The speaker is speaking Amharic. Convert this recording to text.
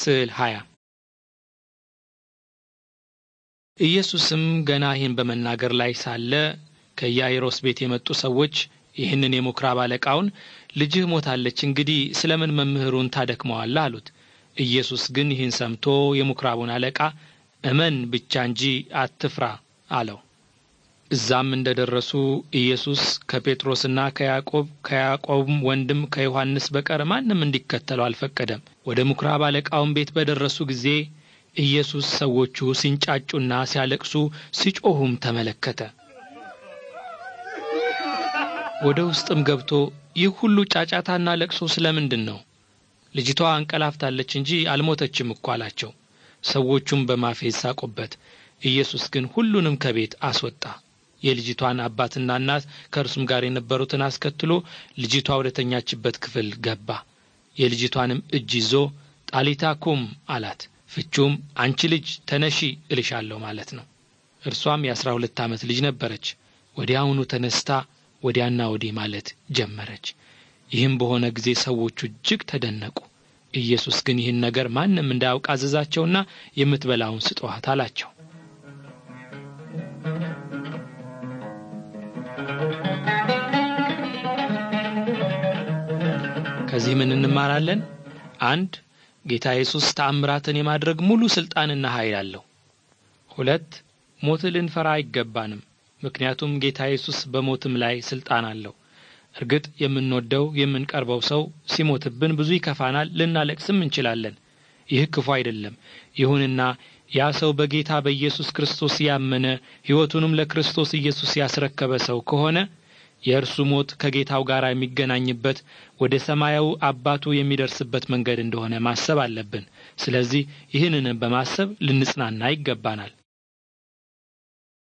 ስዕል 20 ኢየሱስም ገና ይህን በመናገር ላይ ሳለ ከኢያይሮስ ቤት የመጡ ሰዎች ይህንን የምኵራብ አለቃውን ልጅህ ሞታለች፣ እንግዲህ ስለምን መምህሩን ታደክመዋለህ? አሉት። ኢየሱስ ግን ይህን ሰምቶ የምኵራቡን አለቃ እመን ብቻ እንጂ አትፍራ አለው። እዛም እንደ ደረሱ ኢየሱስ ከጴጥሮስና ከያዕቆብ ከያዕቆብም ወንድም ከዮሐንስ በቀር ማንም እንዲከተለው አልፈቀደም። ወደ ምኵራብ አለቃውን ቤት በደረሱ ጊዜ ኢየሱስ ሰዎቹ ሲንጫጩና ሲያለቅሱ ሲጮኹም ተመለከተ። ወደ ውስጥም ገብቶ ይህ ሁሉ ጫጫታና ለቅሶ ስለምንድን ነው? ልጅቷ አንቀላፍታለች እንጂ አልሞተችም እኮ አላቸው። ሰዎቹም በማፌዝ ሳቁበት። ኢየሱስ ግን ሁሉንም ከቤት አስወጣ። የልጅቷን አባትና እናት ከእርሱም ጋር የነበሩትን አስከትሎ ልጅቷ ወደተኛችበት ክፍል ገባ። የልጅቷንም እጅ ይዞ ጣሊታ ኩም አላት። ፍቹም አንቺ ልጅ ተነሺ እልሻለሁ ማለት ነው። እርሷም የአስራ ሁለት ዓመት ልጅ ነበረች። ወዲያውኑ ተነስታ ወዲያና ወዲህ ማለት ጀመረች። ይህም በሆነ ጊዜ ሰዎቹ እጅግ ተደነቁ። ኢየሱስ ግን ይህን ነገር ማንም እንዳያውቅ አዘዛቸውና የምትበላውን ስጠዋት አላቸው። ከዚህ ምን እንማራለን? አንድ ጌታ ኢየሱስ ተአምራትን የማድረግ ሙሉ ስልጣንና ኃይል አለው። ሁለት ሞት ልንፈራ አይገባንም፣ ምክንያቱም ጌታ ኢየሱስ በሞትም ላይ ስልጣን አለው። እርግጥ የምንወደው የምንቀርበው ሰው ሲሞትብን ብዙ ይከፋናል፣ ልናለቅስም እንችላለን። ይህ ክፉ አይደለም። ይሁንና ያ ሰው በጌታ በኢየሱስ ክርስቶስ ያመነ ሕይወቱንም ለክርስቶስ ኢየሱስ ያስረከበ ሰው ከሆነ የእርሱ ሞት ከጌታው ጋር የሚገናኝበት ወደ ሰማያዊ አባቱ የሚደርስበት መንገድ እንደሆነ ማሰብ አለብን። ስለዚህ ይህንን በማሰብ ልንጽናና ይገባናል።